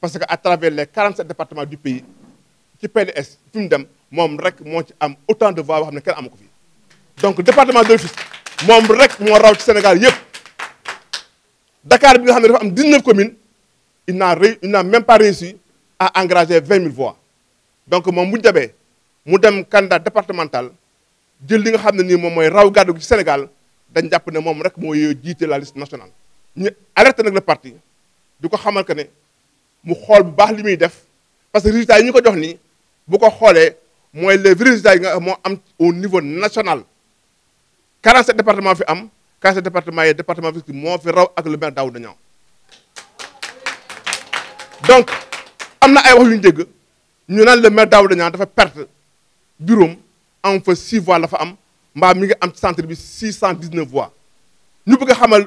parce qu'à travers les 47 départements du pays qui PNS les autant de voix que ne département de justice je rek Sénégal Dakar 19 communes il n'a même pas réussi à engager 20 000 voix donc je suis un candidat départemental je li nga Sénégal dañ suis la liste nationale le parti di xamal que mu xool bu baax li muy def parce que résultat yi ñu ko jox ni bu ko xoolee mooy les résultats yi nga moo am au niveau national 47 département fi am 47 département yi département Rufisque moo fi raw ak le maire Daouda Niang donc am na ay wax yu ñu dégg ñu naan le maire Daouda Niang dafa perte bureau am fa 6 voix la fa am mbaa mi ngi am ci centre bi 619 voix ñu bëgg xamal